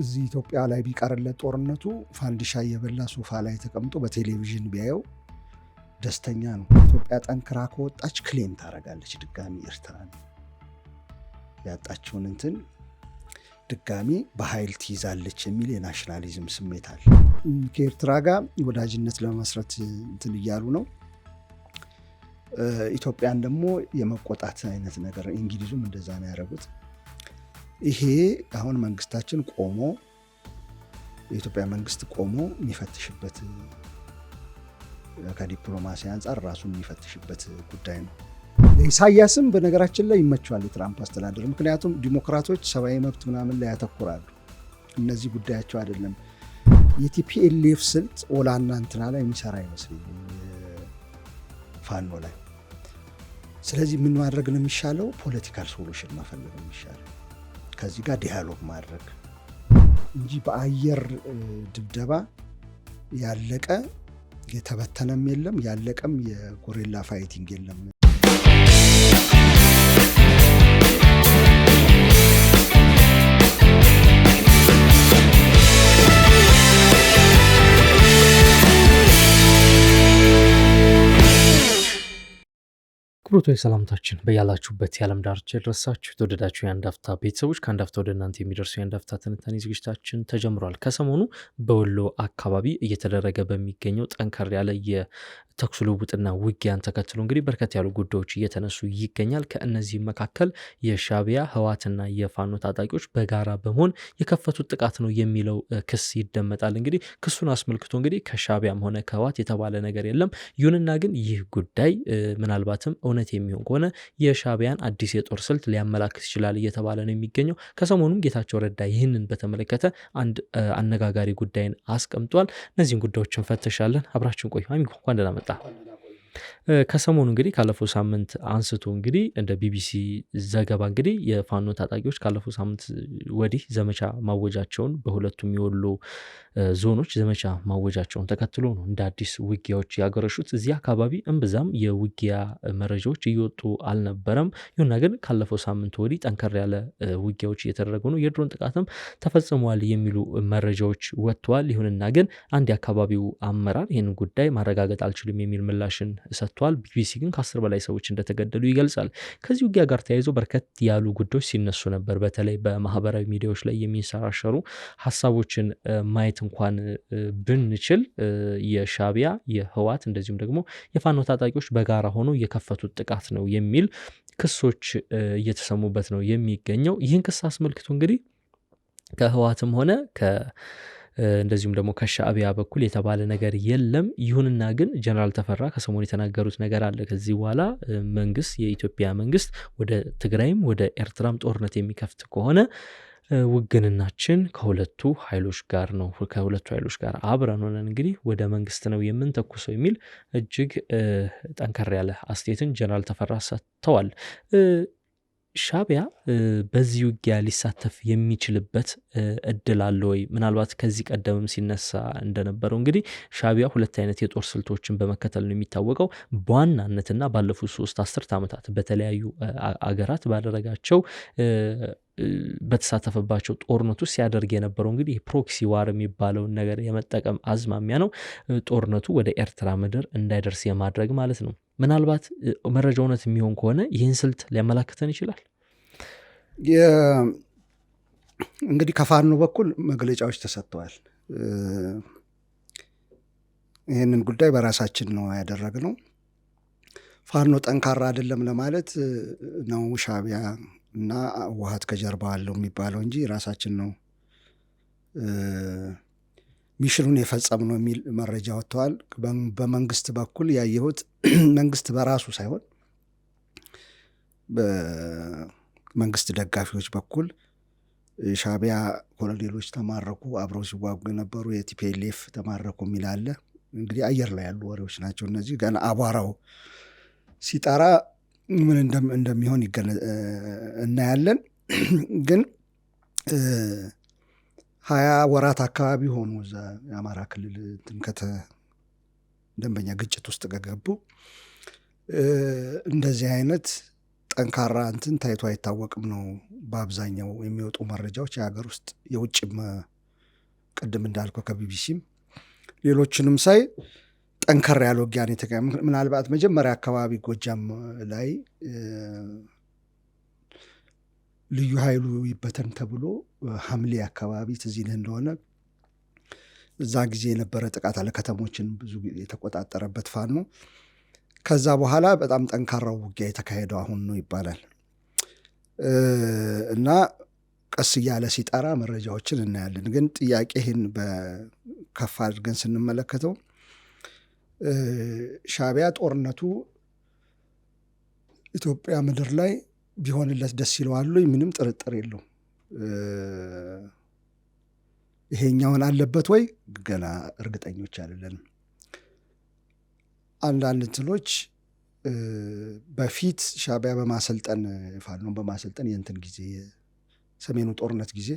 እዚህ ኢትዮጵያ ላይ ቢቀርለት ጦርነቱ ፋንዲሻ እየበላ ሶፋ ላይ ተቀምጦ በቴሌቪዥን ቢያየው ደስተኛ ነው። ኢትዮጵያ ጠንክራ ከወጣች ክሌም ታደርጋለች ድጋሚ ኤርትራን ያጣችውን እንትን ድጋሚ በኃይል ትይዛለች የሚል የናሽናሊዝም ስሜት አለ። ከኤርትራ ጋር ወዳጅነት ለመመስረት እንትን እያሉ ነው። ኢትዮጵያን ደግሞ የመቆጣት አይነት ነገር እንግሊዙም እንደዛ ነው ያደረጉት። ይሄ አሁን መንግስታችን ቆሞ የኢትዮጵያ መንግስት ቆሞ የሚፈትሽበት ከዲፕሎማሲ አንጻር ራሱን የሚፈትሽበት ጉዳይ ነው። ኢሳያስም በነገራችን ላይ ይመቸዋል የትራምፕ አስተዳደር። ምክንያቱም ዲሞክራቶች ሰብአዊ መብት ምናምን ላይ ያተኩራሉ። እነዚህ ጉዳያቸው አይደለም። የቲፒኤልኤፍ ስልት ኦላና እንትና ላይ የሚሰራ አይመስለኝም፣ ፋኖ ላይ። ስለዚህ ምን ማድረግ ነው የሚሻለው? ፖለቲካል ሶሉሽን መፈለግ ነው የሚሻለው። ከዚህ ጋር ዲያሎግ ማድረግ እንጂ በአየር ድብደባ ያለቀ የተበተነም የለም ያለቀም የጎሬላ ፋይቲንግ የለም አክብሮታዊ ሰላምታችን በያላችሁበት የዓለም ዳርቻ የደረሳችሁ የተወደዳችሁ የአንድ አፍታ ቤተሰቦች ከአንድ አፍታ ወደ እናንተ የሚደርሱ የአንድ አፍታ ትንታኔ ዝግጅታችን ተጀምሯል። ከሰሞኑ በወሎ አካባቢ እየተደረገ በሚገኘው ጠንከር ያለ የተኩስ ልውውጥና ውጊያን ተከትሎ እንግዲህ በርከት ያሉ ጉዳዮች እየተነሱ ይገኛል። ከእነዚህም መካከል የሻቢያ ህዋትና የፋኖ ታጣቂዎች በጋራ በመሆን የከፈቱት ጥቃት ነው የሚለው ክስ ይደመጣል። እንግዲህ ክሱን አስመልክቶ እንግዲህ ከሻቢያም ሆነ ከህዋት የተባለ ነገር የለም። ይሁንና ግን ይህ ጉዳይ ምናልባትም እውነት እውነት የሚሆን ከሆነ የሻቢያን አዲስ የጦር ስልት ሊያመላክት ይችላል እየተባለ ነው የሚገኘው። ከሰሞኑም ጌታቸው ረዳ ይህንን በተመለከተ አንድ አነጋጋሪ ጉዳይን አስቀምጧል። እነዚህን ጉዳዮችን ፈተሻለን። አብራችን ቆዩ። አሚኮ እንኳን ደህና መጣ። ከሰሞኑ እንግዲህ ካለፈው ሳምንት አንስቶ እንግዲህ እንደ ቢቢሲ ዘገባ እንግዲህ የፋኖ ታጣቂዎች ካለፈው ሳምንት ወዲህ ዘመቻ ማወጃቸውን በሁለቱም የወሎ ዞኖች ዘመቻ ማወጃቸውን ተከትሎ ነው እንደ አዲስ ውጊያዎች ያገረሹት። እዚህ አካባቢ እምብዛም የውጊያ መረጃዎች እየወጡ አልነበረም። ይሁና ግን ካለፈው ሳምንት ወዲህ ጠንከር ያለ ውጊያዎች እየተደረጉ ነው። የድሮን ጥቃትም ተፈጽሟል የሚሉ መረጃዎች ወጥተዋል። ይሁንና ግን አንድ የአካባቢው አመራር ይህንን ጉዳይ ማረጋገጥ አልችልም የሚል ምላሽን ሰጥቷል። ቢቢሲ ግን ከአስር በላይ ሰዎች እንደተገደሉ ይገልጻል። ከዚህ ውጊያ ጋር ተያይዞ በርከት ያሉ ጉዳዮች ሲነሱ ነበር። በተለይ በማህበራዊ ሚዲያዎች ላይ የሚንሰራሸሩ ሀሳቦችን ማየት እንኳን ብንችል የሻቢያ የህዋት እንደዚሁም ደግሞ የፋኖ ታጣቂዎች በጋራ ሆነው የከፈቱት ጥቃት ነው የሚል ክሶች እየተሰሙበት ነው የሚገኘው። ይህን ክስ አስመልክቶ እንግዲህ ከህዋትም ሆነ እንደዚሁም ደግሞ ከሻዕቢያ በኩል የተባለ ነገር የለም። ይሁንና ግን ጀነራል ተፈራ ከሰሞኑ የተናገሩት ነገር አለ። ከዚህ በኋላ መንግስት የኢትዮጵያ መንግስት ወደ ትግራይም ወደ ኤርትራም ጦርነት የሚከፍት ከሆነ ውግንናችን ከሁለቱ ኃይሎች ጋር ነው። ከሁለቱ ኃይሎች ጋር አብረን ሆነን እንግዲህ ወደ መንግስት ነው የምንተኩሰው የሚል እጅግ ጠንከር ያለ አስቴትን ጀነራል ተፈራ ሰጥተዋል። ሻቢያ በዚህ ውጊያ ሊሳተፍ የሚችልበት እድል አለ ወይ? ምናልባት ከዚህ ቀደምም ሲነሳ እንደነበረው እንግዲህ ሻቢያ ሁለት አይነት የጦር ስልቶችን በመከተል ነው የሚታወቀው። በዋናነትና ባለፉት ሶስት አስርት ዓመታት በተለያዩ አገራት ባደረጋቸው በተሳተፈባቸው ጦርነቱ ሲያደርግ የነበረው እንግዲህ ፕሮክሲ ዋር የሚባለውን ነገር የመጠቀም አዝማሚያ ነው። ጦርነቱ ወደ ኤርትራ ምድር እንዳይደርስ የማድረግ ማለት ነው። ምናልባት መረጃ እውነት የሚሆን ከሆነ ይህን ስልት ሊያመላክተን ይችላል። እንግዲህ ከፋኖ በኩል መግለጫዎች ተሰጥተዋል። ይህንን ጉዳይ በራሳችን ነው ያደረግነው። ፋኖ ጠንካራ አይደለም ለማለት ነው ሻቢያ እና ህወሓት ከጀርባ አለው የሚባለው እንጂ ራሳችን ነው ሚሽኑን የፈጸም ነው የሚል መረጃ ወጥተዋል። በመንግስት በኩል ያየሁት መንግስት በራሱ ሳይሆን በመንግስት ደጋፊዎች በኩል ሻቢያ ኮሎኔሎች ተማረኩ፣ አብረው ሲዋጉ የነበሩ የቲፒኤልኤፍ ተማረኩ የሚል አለ። እንግዲህ አየር ላይ ያሉ ወሬዎች ናቸው እነዚህ። ገና አቧራው ሲጠራ ምን እንደሚሆን እናያለን ግን ሀያ ወራት አካባቢ ሆኑ እዛ የአማራ ክልል ትንከተ ደንበኛ ግጭት ውስጥ ከገቡ እንደዚህ አይነት ጠንካራ እንትን ታይቶ አይታወቅም ነው በአብዛኛው የሚወጡ መረጃዎች የሀገር ውስጥ የውጭም ቅድም እንዳልከው ከቢቢሲም ሌሎችንም ሳይ ጠንከር ያለ ውጊያ ነው የተካሄደ ምናልባት መጀመሪያ አካባቢ ጎጃም ላይ ልዩ ኃይሉ ይበተን ተብሎ ሐምሌ አካባቢ ትዝ እንደሆነ እዛ ጊዜ የነበረ ጥቃት አለ። ከተሞችን ብዙ የተቆጣጠረበት ፋኖ ከዛ በኋላ በጣም ጠንካራው ውጊያ የተካሄደው አሁን ነው ይባላል እና ቀስ እያለ ሲጠራ መረጃዎችን እናያለን። ግን ጥያቄ ይህን በከፍ አድርገን ስንመለከተው ሻዕቢያ ጦርነቱ ኢትዮጵያ ምድር ላይ ቢሆንለት ደስ ይለዋሉ። ምንም ጥርጥር የለው። ይሄኛውን አለበት ወይ ገና እርግጠኞች አይደለንም። አንዳንድ እንትኖች በፊት ሻዕቢያ በማሰልጠን ፋኖን በማሰልጠን የእንትን ጊዜ የሰሜኑ ጦርነት ጊዜ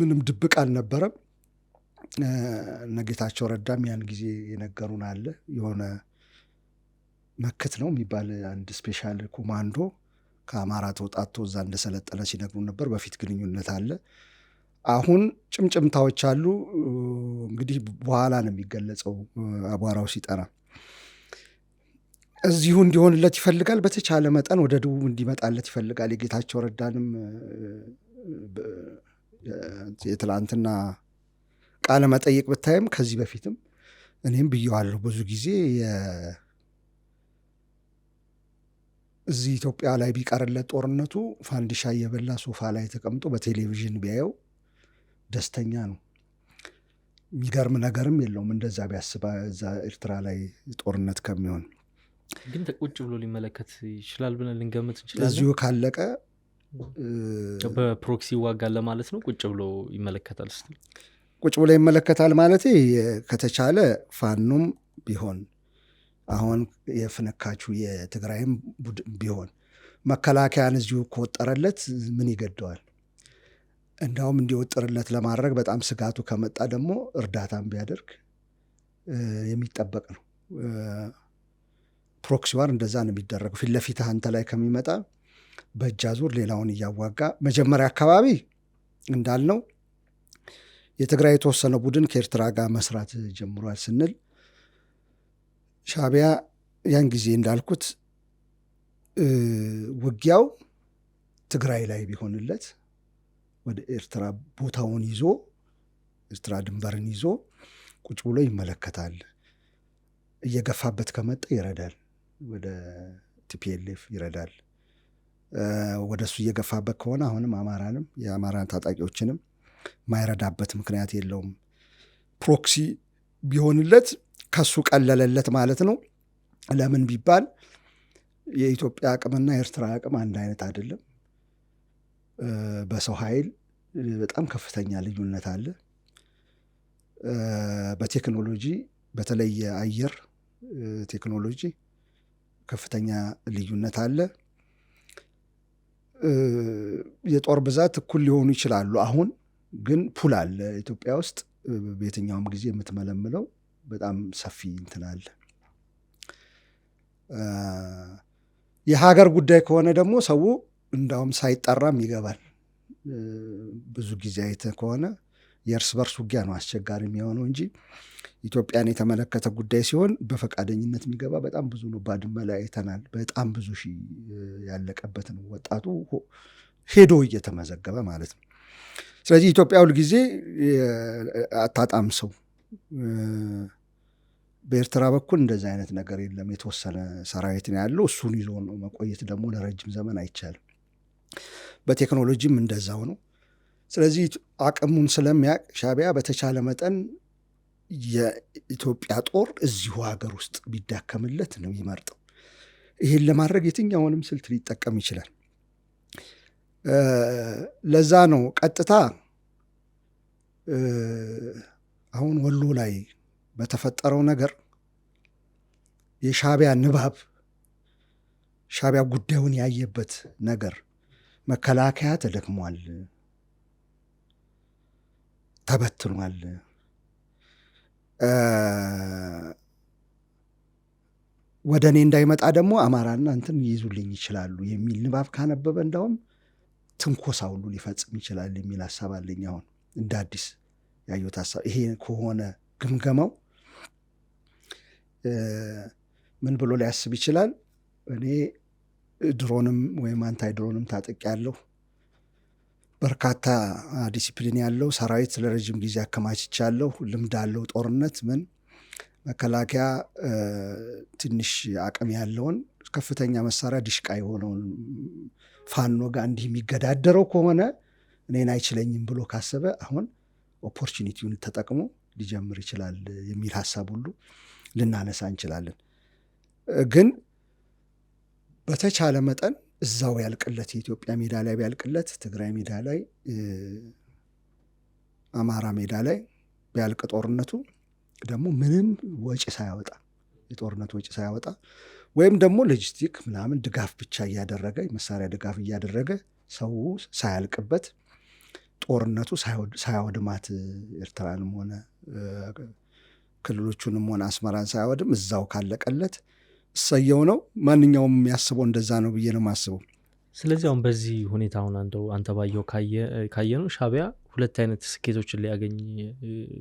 ምንም ድብቅ አልነበረም። እነ ጌታቸው ረዳም ያን ጊዜ የነገሩን አለ የሆነ መክት ነው የሚባል አንድ ስፔሻል ኮማንዶ ከአማራ ተወጣቶ እዛ እንደሰለጠነ ሲነግሩ ነበር። በፊት ግንኙነት አለ። አሁን ጭምጭምታዎች አሉ። እንግዲህ በኋላ ነው የሚገለጸው። አቧራው ሲጠራ እዚሁ እንዲሆንለት ይፈልጋል። በተቻለ መጠን ወደ ደቡብ እንዲመጣለት ይፈልጋል። የጌታቸው ረዳንም የትላንትና ቃለ መጠይቅ ብታይም ከዚህ በፊትም እኔም ብየዋለሁ ብዙ ጊዜ እዚህ ኢትዮጵያ ላይ ቢቀርለት ጦርነቱ ፋንዲሻ እየበላ ሶፋ ላይ ተቀምጦ በቴሌቪዥን ቢያየው ደስተኛ ነው። የሚገርም ነገርም የለውም። እንደዛ ቢያስባ እዛ ኤርትራ ላይ ጦርነት ከሚሆን ግን ቁጭ ብሎ ሊመለከት ይችላል ብለን ልንገምት እንችላለን። እዚሁ ካለቀ በፕሮክሲ ይዋጋል ለማለት ነው። ቁጭ ብሎ ይመለከታል ቁጭ ብሎ ይመለከታል ማለት ከተቻለ ፋኖም ቢሆን አሁን የፍንካችሁ የትግራይም ቢሆን መከላከያን እዚሁ ከወጠረለት ምን ይገደዋል? እንዳውም እንዲወጥርለት ለማድረግ በጣም ስጋቱ ከመጣ ደግሞ እርዳታም ቢያደርግ የሚጠበቅ ነው። ፕሮክሲ እንደዛ ነው የሚደረገው። ፊት ለፊት አንተ ላይ ከሚመጣ በእጃ ዙር ሌላውን እያዋጋ መጀመሪያ አካባቢ እንዳልነው የትግራይ የተወሰነ ቡድን ከኤርትራ ጋር መስራት ጀምሯል ስንል ሻቢያ ያን ጊዜ እንዳልኩት ውጊያው ትግራይ ላይ ቢሆንለት ወደ ኤርትራ ቦታውን ይዞ ኤርትራ ድንበርን ይዞ ቁጭ ብሎ ይመለከታል። እየገፋበት ከመጣ ይረዳል፣ ወደ ቲፒኤልኤፍ ይረዳል። ወደ እሱ እየገፋበት ከሆነ አሁንም አማራንም የአማራን ታጣቂዎችንም ማይረዳበት ምክንያት የለውም። ፕሮክሲ ቢሆንለት ከሱ ቀለለለት ማለት ነው። ለምን ቢባል የኢትዮጵያ አቅምና የኤርትራ አቅም አንድ አይነት አይደለም። በሰው ኃይል በጣም ከፍተኛ ልዩነት አለ። በቴክኖሎጂ በተለይ የአየር ቴክኖሎጂ ከፍተኛ ልዩነት አለ። የጦር ብዛት እኩል ሊሆኑ ይችላሉ። አሁን ግን ፑል አለ ኢትዮጵያ ውስጥ በየትኛውም ጊዜ የምትመለምለው በጣም ሰፊ እንትን አለ። የሀገር ጉዳይ ከሆነ ደግሞ ሰው እንዳውም ሳይጠራም ይገባል። ብዙ ጊዜ አይተ ከሆነ የእርስ በርስ ውጊያ ነው አስቸጋሪ የሚሆነው እንጂ ኢትዮጵያን የተመለከተ ጉዳይ ሲሆን በፈቃደኝነት የሚገባ በጣም ብዙ ነው። ባድመ ላይ አይተናል። በጣም ብዙ ሺ ያለቀበት ነው ወጣቱ ሄዶ እየተመዘገበ ማለት ነው። ስለዚህ ኢትዮጵያ ሁልጊዜ አታጣም ሰው በኤርትራ በኩል እንደዚህ አይነት ነገር የለም። የተወሰነ ሰራዊት ነው ያለው። እሱን ይዞ ነው መቆየት ደግሞ ለረጅም ዘመን አይቻልም። በቴክኖሎጂም እንደዛው ነው። ስለዚህ አቅሙን ስለሚያቅ ሻቢያ በተቻለ መጠን የኢትዮጵያ ጦር እዚሁ ሀገር ውስጥ ቢዳከምለት ነው ይመርጠው። ይህን ለማድረግ የትኛውንም ስልት ሊጠቀም ይችላል። ለዛ ነው ቀጥታ አሁን ወሎ ላይ በተፈጠረው ነገር የሻቢያ ንባብ ሻቢያ ጉዳዩን ያየበት ነገር መከላከያ ተደክሟል፣ ተበትኗል፣ ወደ እኔ እንዳይመጣ ደግሞ አማራና እንትን ይይዙልኝ ይችላሉ የሚል ንባብ ካነበበ እንዳውም ትንኮሳ ሁሉ ሊፈጽም ይችላል የሚል ሀሳብ አለኝ አሁን እንደ አዲስ ያየሁት ሀሳብ ይሄ ከሆነ ግምገማው ምን ብሎ ሊያስብ ይችላል? እኔ ድሮንም ወይም አንታይ ድሮንም ታጠቅ ያለው በርካታ ዲሲፕሊን ያለው ሰራዊት ለረዥም ጊዜ አከማችቻለሁ፣ ልምድ አለው ጦርነት ምን መከላከያ ትንሽ አቅም ያለውን ከፍተኛ መሳሪያ ዲሽቃ የሆነውን ፋኖ ጋር እንዲህ የሚገዳደረው ከሆነ እኔን አይችለኝም ብሎ ካሰበ አሁን ኦፖርቹኒቲውን ተጠቅሞ ሊጀምር ይችላል የሚል ሀሳብ ሁሉ ልናነሳ እንችላለን። ግን በተቻለ መጠን እዛው ያልቅለት የኢትዮጵያ ሜዳ ላይ ቢያልቅለት፣ ትግራይ ሜዳ ላይ፣ አማራ ሜዳ ላይ ቢያልቅ ጦርነቱ ደግሞ ምንም ወጪ ሳያወጣ የጦርነት ወጪ ሳያወጣ ወይም ደግሞ ሎጂስቲክ ምናምን ድጋፍ ብቻ እያደረገ መሳሪያ ድጋፍ እያደረገ ሰው ሳያልቅበት ጦርነቱ ሳያወድማት ኤርትራንም ሆነ ክልሎቹንም ሆነ አስመራን ሳያወድም እዛው ካለቀለት እሰየው ነው። ማንኛውም የሚያስበው እንደዛ ነው ብዬ ነው የማስበው። ስለዚህ አሁን በዚህ ሁኔታ አሁን አንተ ባየው ካየ ነው ሻቢያ ሁለት አይነት ስኬቶችን ሊያገኝ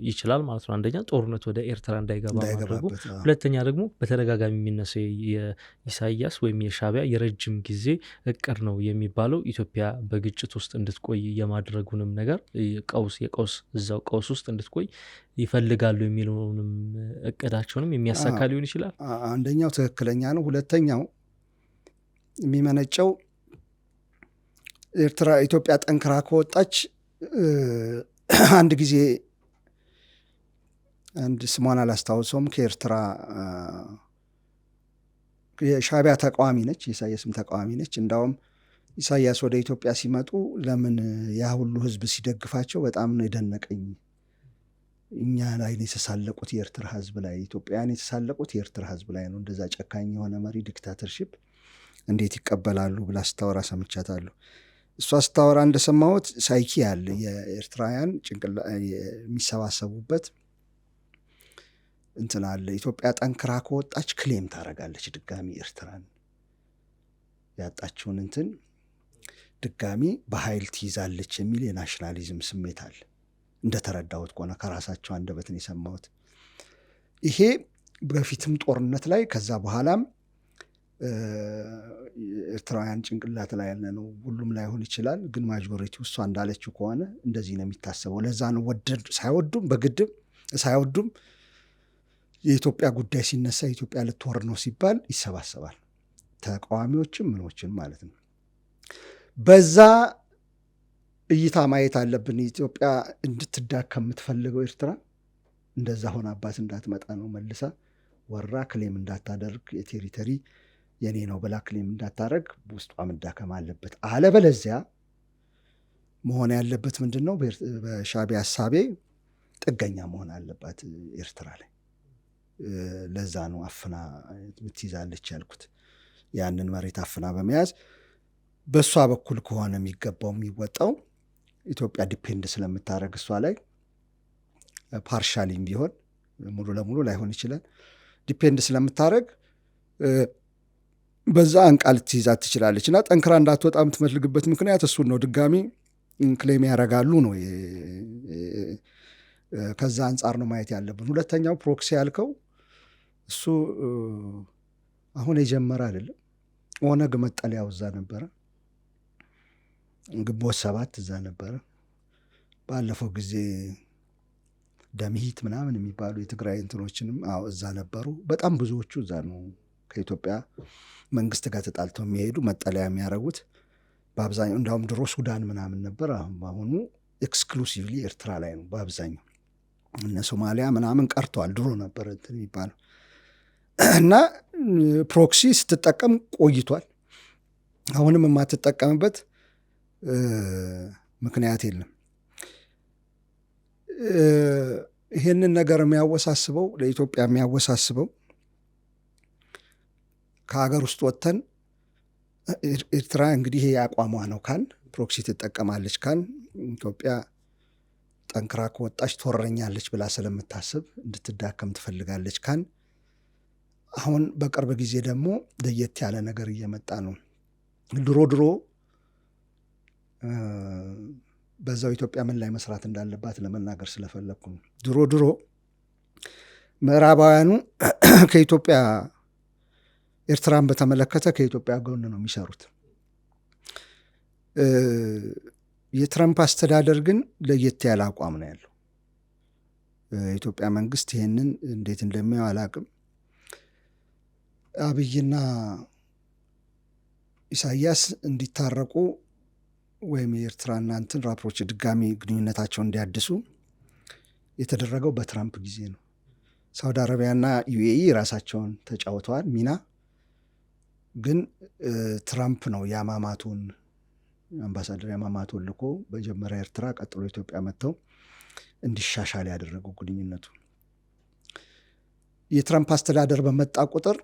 ይችላል ማለት ነው። አንደኛ ጦርነት ወደ ኤርትራ እንዳይገባ ማድረጉ፣ ሁለተኛ ደግሞ በተደጋጋሚ የሚነሳ የኢሳያስ ወይም የሻቢያ የረጅም ጊዜ እቅድ ነው የሚባለው ኢትዮጵያ በግጭት ውስጥ እንድትቆይ የማድረጉንም ነገር ቀውስ የቀውስ እዛው ቀውስ ውስጥ እንድትቆይ ይፈልጋሉ የሚለውንም እቅዳቸውንም የሚያሳካ ሊሆን ይችላል። አንደኛው ትክክለኛ ነው። ሁለተኛው የሚመነጨው ኤርትራ ኢትዮጵያ ጠንክራ ከወጣች አንድ ጊዜ አንድ ስሟን አላስታውሰውም ከኤርትራ የሻቢያ ተቃዋሚ ነች፣ የኢሳያስም ተቃዋሚ ነች። እንዳውም ኢሳያስ ወደ ኢትዮጵያ ሲመጡ ለምን ያ ሁሉ ህዝብ ሲደግፋቸው በጣም ነው የደነቀኝ። እኛ ላይ ነው የተሳለቁት የኤርትራ ህዝብ ላይ ኢትዮጵያን የተሳለቁት የኤርትራ ህዝብ ላይ ነው። እንደዛ ጨካኝ የሆነ መሪ ዲክታተርሽፕ እንዴት ይቀበላሉ ብላ ስታወራ ሰምቻታለሁ። እሷ ስታወራ እንደሰማሁት ሳይኪ አለ የኤርትራውያን የሚሰባሰቡበት እንትን አለ። ኢትዮጵያ ጠንክራ ከወጣች ክሌም ታደርጋለች ድጋሚ ኤርትራን ያጣችውን እንትን ድጋሚ በኃይል ትይዛለች የሚል የናሽናሊዝም ስሜት አለ። እንደተረዳሁት ከሆነ ከራሳቸው አንደበትን የሰማሁት። ይሄ በፊትም ጦርነት ላይ ከዛ በኋላም ኤርትራውያን ጭንቅላት ላይ ያለ ነው። ሁሉም ላይሆን ይችላል፣ ግን ማጆሪቲ እሷ እንዳለችው ከሆነ እንደዚህ ነው የሚታሰበው። ለዛ ነው ወደድ ሳይወዱም በግድም ሳይወዱም የኢትዮጵያ ጉዳይ ሲነሳ ኢትዮጵያ ልትወር ነው ሲባል ይሰባሰባል፣ ተቃዋሚዎችም ምኖችን ማለት ነው። በዛ እይታ ማየት አለብን። ኢትዮጵያ እንድትዳከም ከምትፈልገው ኤርትራ እንደዛ አባት እንዳትመጣ ነው መልሳ ወራ ክሌም እንዳታደርግ የቴሪተሪ የኔ ነው ብላ ክሌም እንዳታደረግ ውስጧ መዳከም አለበት። አለበለዚያ መሆን ያለበት ምንድን ነው? በሻዕቢያ ሀሳቤ ጥገኛ መሆን አለባት ኤርትራ ላይ። ለዛ ነው አፍና የምትይዛለች ያልኩት። ያንን መሬት አፍና በመያዝ በእሷ በኩል ከሆነ የሚገባው የሚወጣው ኢትዮጵያ ዲፔንድ ስለምታደረግ እሷ ላይ ፓርሻሊም ቢሆን ሙሉ ለሙሉ ላይሆን ይችላል ዲፔንድ ስለምታደረግ በዛ አንቃ ልትይዛት ትችላለች እና ጠንክራ እንዳትወጣ የምትፈልግበት ምክንያት እሱን ነው። ድጋሚ ክሌም ያደርጋሉ ነው። ከዛ አንጻር ነው ማየት ያለብን። ሁለተኛው ፕሮክሲ ያልከው እሱ አሁን የጀመረ አይደለም። ኦነግ መጠለያው እዛ ነበረ፣ ግንቦት ሰባት እዛ ነበረ። ባለፈው ጊዜ ደምሂት ምናምን የሚባሉ የትግራይ እንትኖችንም እዛ ነበሩ። በጣም ብዙዎቹ እዛ ነው ከኢትዮጵያ መንግስት ጋር ተጣልተው የሚሄዱ መጠለያ የሚያደርጉት በአብዛኛው እንዳውም ድሮ ሱዳን ምናምን ነበር። አሁን በአሁኑ ኤክስክሉሲቭሊ ኤርትራ ላይ ነው በአብዛኛው። እነ ሶማሊያ ምናምን ቀርተዋል። ድሮ ነበር እንትን የሚባለው እና ፕሮክሲ ስትጠቀም ቆይቷል። አሁንም የማትጠቀምበት ምክንያት የለም። ይህንን ነገር የሚያወሳስበው ለኢትዮጵያ የሚያወሳስበው ከሀገር ውስጥ ወጥተን ኤርትራ እንግዲህ ይሄ አቋሟ ነው ካል ፕሮክሲ ትጠቀማለች ካል ኢትዮጵያ ጠንክራ ከወጣች ትወረኛለች ብላ ስለምታስብ እንድትዳከም ትፈልጋለች ካል አሁን በቅርብ ጊዜ ደግሞ ለየት ያለ ነገር እየመጣ ነው። ድሮ ድሮ በዛው ኢትዮጵያ ምን ላይ መስራት እንዳለባት ለመናገር ስለፈለግኩ ድሮ ድሮ ምዕራባውያኑ ከኢትዮጵያ ኤርትራን በተመለከተ ከኢትዮጵያ ጎን ነው የሚሰሩት። የትራምፕ አስተዳደር ግን ለየት ያለ አቋም ነው ያለው። የኢትዮጵያ መንግስት ይህንን እንዴት እንደሚያው አላቅም። አብይና ኢሳያስ እንዲታረቁ ወይም የኤርትራ እናንትን ራፕሮች ድጋሚ ግንኙነታቸው እንዲያድሱ የተደረገው በትራምፕ ጊዜ ነው። ሳውዲ አረቢያና ዩኤኢ ራሳቸውን ተጫውተዋል ሚና ግን ትራምፕ ነው የአማማቱን አምባሳደር ያማማቱን ልኮ መጀመሪያ ኤርትራ፣ ቀጥሎ ኢትዮጵያ መጥተው እንዲሻሻል ያደረገው ግንኙነቱ። የትራምፕ አስተዳደር በመጣ ቁጥር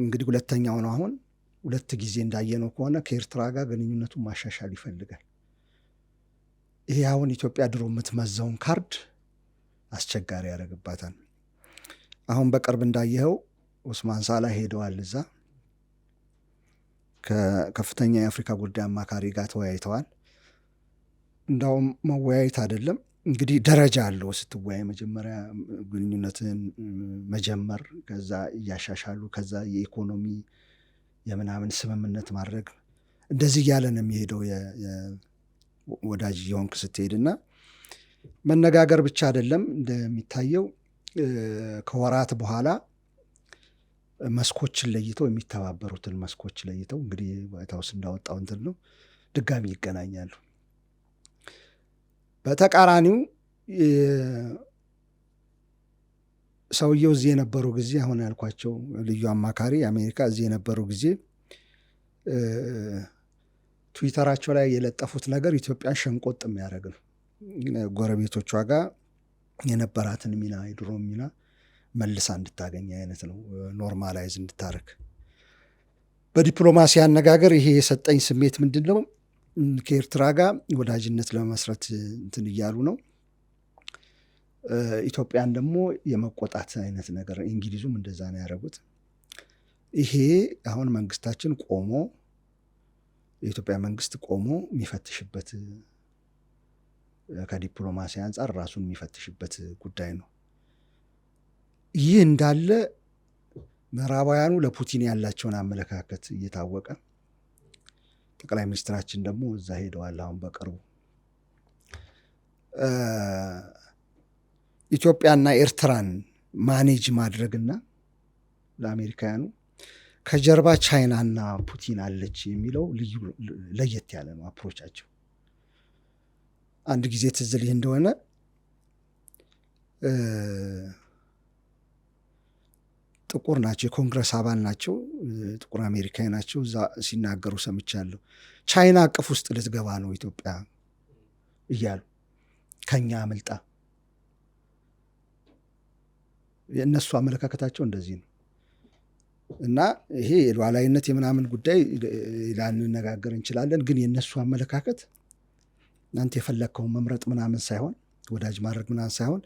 እንግዲህ ሁለተኛው ነው። አሁን ሁለት ጊዜ እንዳየነው ከሆነ ከኤርትራ ጋር ግንኙነቱን ማሻሻል ይፈልጋል። ይሄ አሁን ኢትዮጵያ ድሮ የምትመዛውን ካርድ አስቸጋሪ ያደርግባታል። አሁን በቅርብ እንዳየኸው ኡስማን ሳላ ሄደዋል። እዛ ከከፍተኛ የአፍሪካ ጉዳይ አማካሪ ጋር ተወያይተዋል። እንዳውም መወያየት አይደለም እንግዲህ ደረጃ አለው። ስትወያይ መጀመሪያ ግንኙነትን መጀመር፣ ከዛ እያሻሻሉ፣ ከዛ የኢኮኖሚ የምናምን ስምምነት ማድረግ እንደዚህ እያለ ነው የሚሄደው ወዳጅ የሆንክ ና መነጋገር ብቻ አይደለም እንደሚታየው ከወራት በኋላ መስኮችን ለይተው የሚተባበሩትን መስኮች ለይተው እንግዲህ ዋይት ሀውስ እንዳወጣው እንትን ነው ድጋሚ ይገናኛሉ። በተቃራኒው ሰውየው እዚህ የነበሩ ጊዜ አሁን ያልኳቸው ልዩ አማካሪ አሜሪካ እዚህ የነበሩ ጊዜ ትዊተራቸው ላይ የለጠፉት ነገር ኢትዮጵያን ሸንቆጥ የሚያደርግ ነው። ጎረቤቶቿ ጋር የነበራትን ሚና የድሮ ሚና መልሳ እንድታገኝ አይነት ነው፣ ኖርማላይዝ እንድታረግ። በዲፕሎማሲ አነጋገር ይሄ የሰጠኝ ስሜት ምንድን ነው? ከኤርትራ ጋር ወዳጅነት ለመመስረት እንትን እያሉ ነው። ኢትዮጵያን ደግሞ የመቆጣት አይነት ነገር፣ እንግሊዙም እንደዛ ነው ያደረጉት። ይሄ አሁን መንግስታችን ቆሞ የኢትዮጵያ መንግስት ቆሞ የሚፈትሽበት ከዲፕሎማሲ አንጻር ራሱን የሚፈትሽበት ጉዳይ ነው። ይህ እንዳለ ምዕራባውያኑ ለፑቲን ያላቸውን አመለካከት እየታወቀ ጠቅላይ ሚኒስትራችን ደግሞ እዛ ሄደዋል። አሁን በቅርቡ ኢትዮጵያና ኤርትራን ማኔጅ ማድረግና ለአሜሪካውያኑ ከጀርባ ቻይናና ፑቲን አለች የሚለው ልዩ ለየት ያለ ነው አፕሮቻቸው። አንድ ጊዜ ትዝ እንደሆነ ጥቁር ናቸው፣ የኮንግረስ አባል ናቸው፣ ጥቁር አሜሪካዊ ናቸው። እዛ ሲናገሩ ሰምቻለሁ። ቻይና አቅፍ ውስጥ ልትገባ ነው ኢትዮጵያ እያሉ ከኛ አምልጣ። የእነሱ አመለካከታቸው እንደዚህ ነው እና ይሄ የሉዓላዊነት የምናምን ጉዳይ ላንነጋገር እንችላለን። ግን የእነሱ አመለካከት እናንተ የፈለግከውን መምረጥ ምናምን ሳይሆን ወዳጅ ማድረግ ምናምን ሳይሆን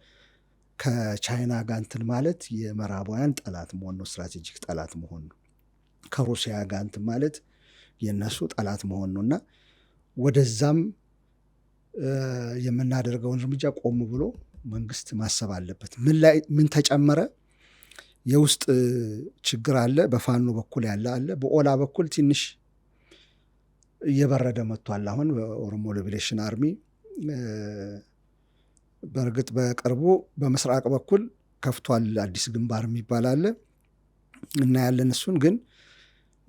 ከቻይና ጋር እንትን ማለት የምዕራባውያን ጠላት መሆን ነው፣ ስትራቴጂክ ጠላት መሆን ነው። ከሩሲያ ጋር እንትን ማለት የነሱ ጠላት መሆን ነው እና ወደዛም የምናደርገውን እርምጃ ቆም ብሎ መንግስት ማሰብ አለበት። ምን ላይ ምን ተጨመረ? የውስጥ ችግር አለ፣ በፋኖ በኩል ያለ አለ፣ በኦላ በኩል ትንሽ እየበረደ መጥቷል። አሁን በኦሮሞ ሊብሬሽን አርሚ በእርግጥ በቅርቡ በምስራቅ በኩል ከፍቷል አዲስ ግንባር የሚባል አለ እና ያለን እሱን ግን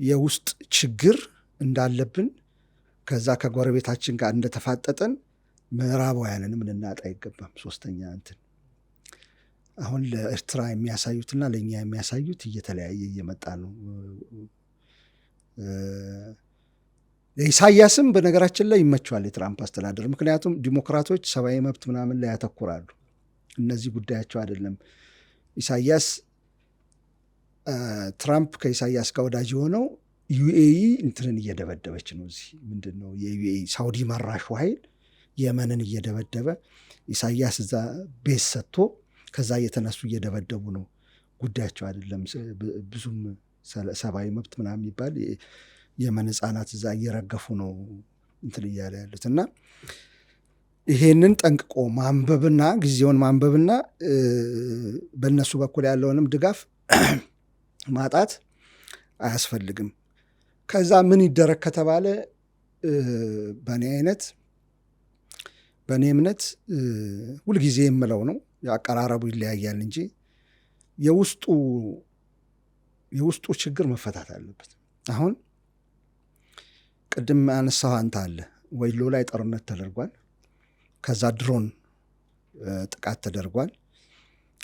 የውስጥ ችግር እንዳለብን ከዛ ከጎረቤታችን ጋር እንደተፋጠጠን ምዕራባውያንንም ልናጣ አይገባም። ሶስተኛ እንትን አሁን ለኤርትራ የሚያሳዩትና ለእኛ የሚያሳዩት እየተለያየ እየመጣ ነው። ኢሳያስም በነገራችን ላይ ይመቸዋል የትራምፕ አስተዳደር። ምክንያቱም ዲሞክራቶች ሰብአዊ መብት ምናምን ላይ ያተኩራሉ። እነዚህ ጉዳያቸው አይደለም። ኢሳያስ ትራምፕ ከኢሳያስ ጋር ወዳጅ የሆነው ዩኤኢ እንትንን እየደበደበች ነው። እዚህ ምንድን ነው የዩኤኢ ሳውዲ መራሹ ኃይል የመንን እየደበደበ ኢሳያስ እዛ ቤት ሰጥቶ ከዛ እየተነሱ እየደበደቡ ነው። ጉዳያቸው አይደለም ብዙም ሰብአዊ መብት ምናምን ይባል የመን ህጻናት እዛ እየረገፉ ነው እንትን እያለ ያሉት እና ይሄንን ጠንቅቆ ማንበብና ጊዜውን ማንበብና በእነሱ በኩል ያለውንም ድጋፍ ማጣት አያስፈልግም። ከዛ ምን ይደረግ ከተባለ በእኔ አይነት በእኔ እምነት ሁልጊዜ የምለው ነው፣ አቀራረቡ ይለያያል እንጂ የውስጡ የውስጡ ችግር መፈታት አለበት አሁን ቅድም አነሳህ አንተ አለ ወይሎ ላይ ጦርነት ተደርጓል። ከዛ ድሮን ጥቃት ተደርጓል።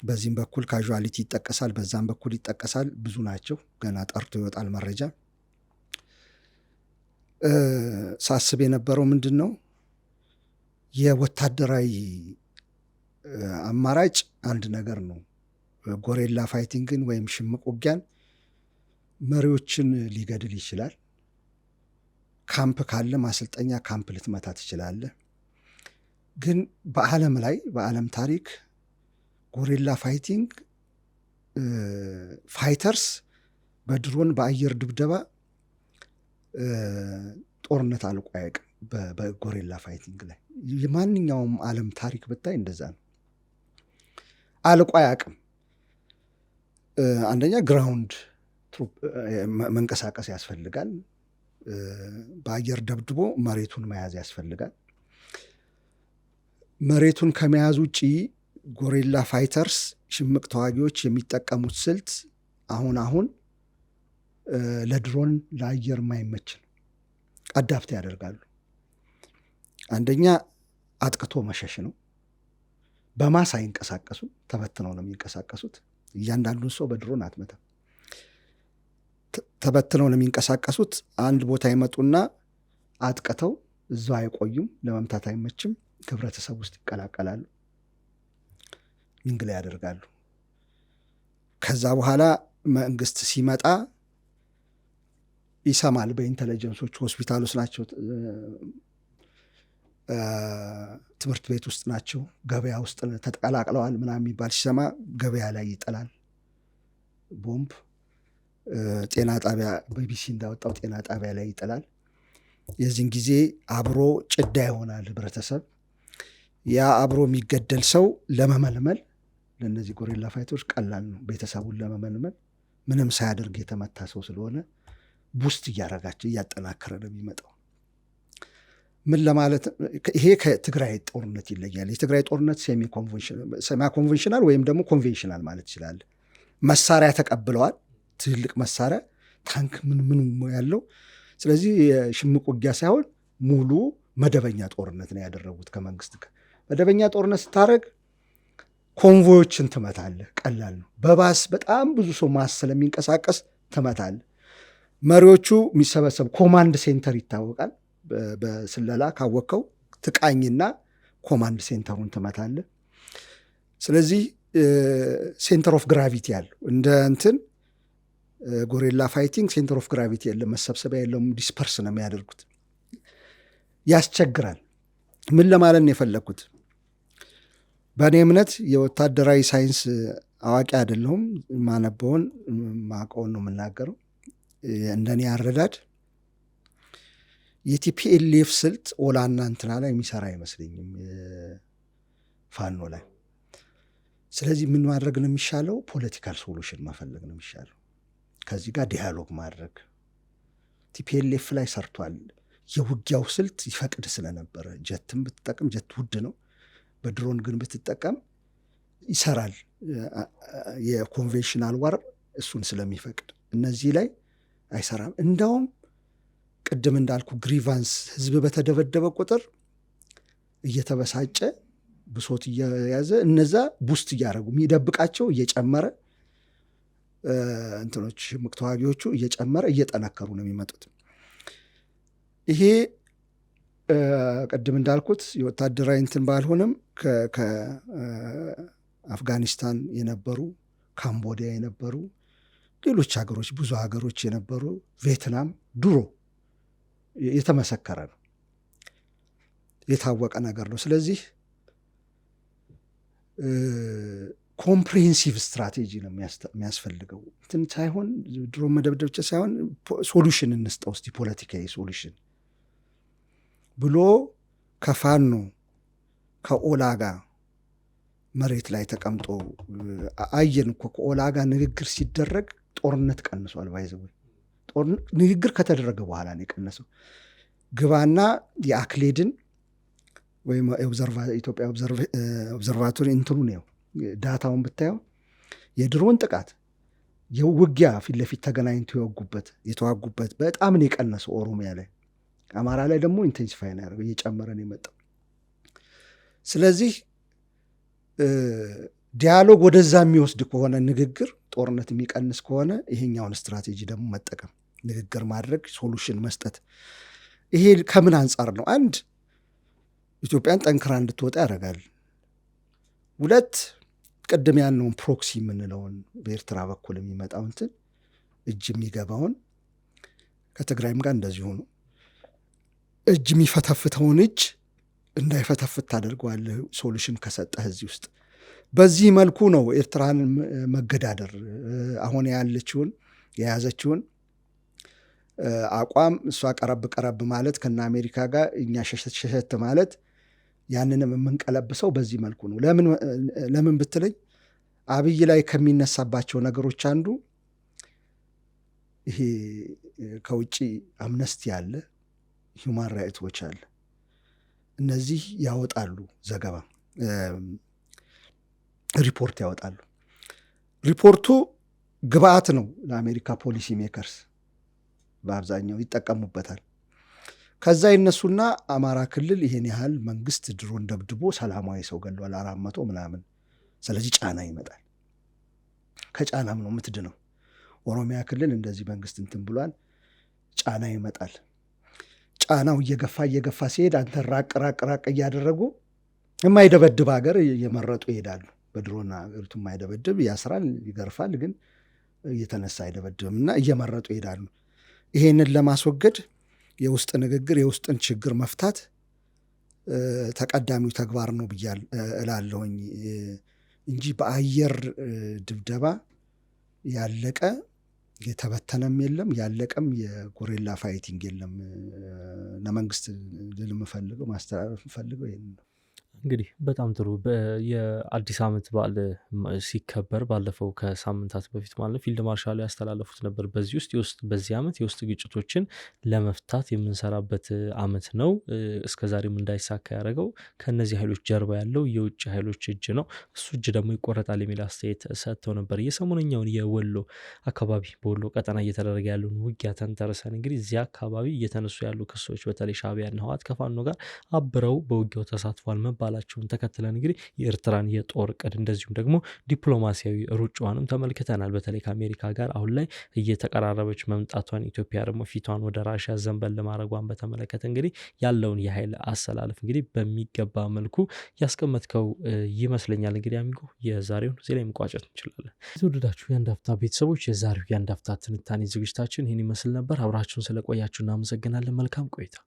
በዚህም በኩል ካዥዋሊቲ ይጠቀሳል፣ በዛም በኩል ይጠቀሳል። ብዙ ናቸው። ገና ጠርቶ ይወጣል መረጃ። ሳስብ የነበረው ምንድን ነው የወታደራዊ አማራጭ አንድ ነገር ነው። ጎሬላ ፋይቲንግን ወይም ሽምቅ ውጊያን መሪዎችን ሊገድል ይችላል ካምፕ ካለ ማሰልጠኛ ካምፕ ልትመታ ትችላለህ። ግን በዓለም ላይ በዓለም ታሪክ ጎሪላ ፋይቲንግ ፋይተርስ በድሮን በአየር ድብደባ ጦርነት አልቆ አያውቅም። በጎሪላ ፋይቲንግ ላይ የማንኛውም ዓለም ታሪክ ብታይ እንደዛ ነው፣ አልቆ አያውቅም። አንደኛ ግራውንድ መንቀሳቀስ ያስፈልጋል። በአየር ደብድቦ መሬቱን መያዝ ያስፈልጋል። መሬቱን ከመያዝ ውጪ ጎሪላ ፋይተርስ ሽምቅ ተዋጊዎች የሚጠቀሙት ስልት አሁን አሁን ለድሮን ለአየር ማይመች ነው። አዳፕት ያደርጋሉ። አንደኛ አጥቅቶ መሸሽ ነው። በማሳ አይንቀሳቀሱም፣ ተበትነው ነው የሚንቀሳቀሱት። እያንዳንዱን ሰው በድሮን አትመታም። ተበትነው ነው የሚንቀሳቀሱት። አንድ ቦታ ይመጡና አጥቅተው እዛው አይቆዩም፣ ለመምታት አይመችም። ህብረተሰብ ውስጥ ይቀላቀላሉ፣ ሚንግላ ያደርጋሉ። ከዛ በኋላ መንግስት ሲመጣ ይሰማል። በኢንተለጀንሶች ሆስፒታል ውስጥ ናቸው፣ ትምህርት ቤት ውስጥ ናቸው፣ ገበያ ውስጥ ተቀላቅለዋል ምናምን የሚባል ሲሰማ ገበያ ላይ ይጥላል ቦምብ ጤና ጣቢያ ቢቢሲ እንዳወጣው ጤና ጣቢያ ላይ ይጥላል። የዚህን ጊዜ አብሮ ጭዳ ይሆናል ህብረተሰብ። ያ አብሮ የሚገደል ሰው ለመመልመል ለእነዚህ ጎሪላ ፋይቶች ቀላል ነው። ቤተሰቡን ለመመልመል ምንም ሳያደርግ የተመታ ሰው ስለሆነ ቡስት እያረጋቸው እያጠናከረ ነው የሚመጣው። ምን ለማለት ይሄ ከትግራይ ጦርነት ይለያል። የትግራይ ጦርነት ሴሚ ኮንቬንሽናል ወይም ደግሞ ኮንቬንሽናል ማለት ይችላል። መሳሪያ ተቀብለዋል ትልቅ መሳሪያ ታንክ ምን ምን ያለው ስለዚህ የሽምቅ ውጊያ ሳይሆን ሙሉ መደበኛ ጦርነት ነው ያደረጉት ከመንግስት ጋር። መደበኛ ጦርነት ስታደረግ ኮንቮዮችን ትመታለህ፣ ቀላል ነው። በባስ በጣም ብዙ ሰው ማስ ስለሚንቀሳቀስ ትመታለህ። መሪዎቹ የሚሰበሰብ ኮማንድ ሴንተር ይታወቃል። በስለላ ካወቅከው ትቃኝና ኮማንድ ሴንተሩን ትመታለህ። ስለዚህ ሴንተር ኦፍ ግራቪቲ ያለው እንደ እንትን ጎሬላ ፋይቲንግ ሴንተር ኦፍ ግራቪቲ የለም፣ መሰብሰቢያ የለውም። ዲስፐርስ ነው የሚያደርጉት። ያስቸግራል። ምን ለማለት ነው የፈለግኩት? በእኔ እምነት የወታደራዊ ሳይንስ አዋቂ አይደለሁም። ማነበውን ማቀውን ነው የምናገረው። እንደኔ አረዳድ የቲፒኤልኤፍ ስልት ኦላና እንትና ላይ የሚሰራ አይመስለኝም፣ ፋኖ ላይ። ስለዚህ ምን ማድረግ ነው የሚሻለው? ፖለቲካል ሶሉሽን መፈለግ ነው የሚሻለው። ከዚህ ጋር ዲያሎግ ማድረግ ቲፒኤልኤፍ ላይ ሰርቷል። የውጊያው ስልት ይፈቅድ ስለነበረ ጀትም ብትጠቀም ጀት ውድ ነው። በድሮን ግን ብትጠቀም ይሰራል። የኮንቬንሽናል ዋር እሱን ስለሚፈቅድ እነዚህ ላይ አይሰራም። እንዳውም ቅድም እንዳልኩ ግሪቫንስ ህዝብ በተደበደበ ቁጥር እየተበሳጨ ብሶት እየያዘ እነዛ ቡስት እያደረጉ የሚደብቃቸው እየጨመረ እንትኖች ሽምቅ ተዋጊዎቹ እየጨመረ እየጠነከሩ ነው የሚመጡት። ይሄ ቅድም እንዳልኩት የወታደራዊ እንትን ባልሆንም ከአፍጋኒስታን የነበሩ ካምቦዲያ የነበሩ ሌሎች ሀገሮች ብዙ ሀገሮች የነበሩ ቪየትናም ድሮ የተመሰከረ ነው የታወቀ ነገር ነው። ስለዚህ ኮምፕሪሄንሲቭ ስትራቴጂ ነው የሚያስፈልገው። እንትን ሳይሆን ድሮ መደብደብ ብቻ ሳይሆን ሶሉሽን እንስጣ ውስጥ ፖለቲካዊ ሶሉሽን ብሎ ከፋኖ ከኦላ ጋር መሬት ላይ ተቀምጦ አየን እኮ ከኦላ ጋር ንግግር ሲደረግ ጦርነት ቀንሷል። ባይዘ ንግግር ከተደረገ በኋላ ነው የቀነሰው። ግባና የአክሌድን ወይም ኢትዮጵያ ኦብዘርቫቶሪ እንትኑ ነው ዳታውን ብታየው የድሮን ጥቃት የውጊያ ፊት ለፊት ተገናኝቶ የወጉበት የተዋጉበት በጣም ነው የቀነሰው። ኦሮሚያ ላይ አማራ ላይ ደግሞ ኢንቴንሲፋይ ነው ያደረገው እየጨመረ ነው የመጣው። ስለዚህ ዲያሎግ ወደዛ የሚወስድ ከሆነ ንግግር ጦርነት የሚቀንስ ከሆነ ይሄኛውን ስትራቴጂ ደግሞ መጠቀም ንግግር ማድረግ ሶሉሽን መስጠት። ይሄ ከምን አንጻር ነው? አንድ ኢትዮጵያን ጠንክራ እንድትወጣ ያደርጋል። ሁለት ቅድም ያነውን ፕሮክሲ የምንለውን በኤርትራ በኩል የሚመጣው እንትን እጅ የሚገባውን ከትግራይም ጋር እንደዚሁ ነው። እጅ የሚፈተፍተውን እጅ እንዳይፈተፍት ታደርገዋለህ ሶሉሽን ከሰጠህ እዚህ ውስጥ። በዚህ መልኩ ነው ኤርትራን መገዳደር አሁን ያለችውን የያዘችውን አቋም እሷ ቀረብ ቀረብ ማለት ከነ አሜሪካ ጋር እኛ ሸሸት ሸሸት ማለት ያንንም የምንቀለብሰው በዚህ መልኩ ነው። ለምን ብትለኝ አብይ ላይ ከሚነሳባቸው ነገሮች አንዱ ይሄ ከውጭ አምነስቲ አለ፣ ሁማን ራይት ዎች አለ። እነዚህ ያወጣሉ ዘገባ ሪፖርት ያወጣሉ። ሪፖርቱ ግብአት ነው ለአሜሪካ ፖሊሲ ሜከርስ በአብዛኛው ይጠቀሙበታል። ከዛ ይነሱና አማራ ክልል ይሄን ያህል መንግስት ድሮን ደብድቦ ሰላማዊ ሰው ገሏል፣ አራት መቶ ምናምን። ስለዚህ ጫና ይመጣል። ከጫናም ነው የምትድነው። ኦሮሚያ ክልል እንደዚህ መንግስት እንትን ብሏል፣ ጫና ይመጣል። ጫናው እየገፋ እየገፋ ሲሄድ አንተ ራቅ ራቅ ራቅ እያደረጉ የማይደበድብ ሀገር እየመረጡ ይሄዳሉ። በድሮና ሀገሪቱ የማይደበድብ ያስራል፣ ይገርፋል፣ ግን እየተነሳ አይደበድብም እና እየመረጡ ይሄዳሉ። ይሄንን ለማስወገድ የውስጥ ንግግር የውስጥን ችግር መፍታት ተቀዳሚው ተግባር ነው ብያል እላለሁኝ እንጂ በአየር ድብደባ ያለቀ የተበተነም የለም ያለቀም የጎሬላ ፋይቲንግ የለም። ለመንግስት ልል የምፈልገው ማስተላለፍ የምፈልገው ይህን ነው። እንግዲህ በጣም ጥሩ የአዲስ ዓመት በዓል ሲከበር ባለፈው ከሳምንታት በፊት ማለት ፊልድ ማርሻሉ ያስተላለፉት ነበር። በዚህ ውስጥ የውስጥ በዚህ ዓመት የውስጥ ግጭቶችን ለመፍታት የምንሰራበት ዓመት ነው። እስከዛሬም እንዳይሳካ ያደረገው ከእነዚህ ኃይሎች ጀርባ ያለው የውጭ ኃይሎች እጅ ነው፣ እሱ እጅ ደግሞ ይቆረጣል የሚል አስተያየት ሰጥተው ነበር። የሰሞነኛውን የወሎ አካባቢ በወሎ ቀጠና እየተደረገ ያለውን ውጊያ ተንተርሰን እንግዲህ እዚያ አካባቢ እየተነሱ ያሉ ክሶች በተለይ ሻዕቢያና ህወሓት ከፋኖ ጋር አብረው በውጊያው ተሳትፏል መባል መባላቸውን ተከትለን እንግዲህ የኤርትራን የጦር ቅድ እንደዚሁም ደግሞ ዲፕሎማሲያዊ ሩጫዋንም ተመልክተናል። በተለይ ከአሜሪካ ጋር አሁን ላይ እየተቀራረበች መምጣቷን ኢትዮጵያ ደግሞ ፊቷን ወደ ራሽያ ዘንበል ለማድረጓን በተመለከተ እንግዲህ ያለውን የኃይል አሰላለፍ እንግዲህ በሚገባ መልኩ ያስቀመጥከው ይመስለኛል። እንግዲህ አሚጎ የዛሬውን እዚህ ላይ መቋጨት እንችላለን። የተወደዳችሁ የአንድ ቤተሰቦች የዛሬው የአንድ አፍታ ትንታኔ ዝግጅታችን ይህን ይመስል ነበር። አብራችሁን ስለቆያችሁ እናመሰግናለን። መልካም ቆይታ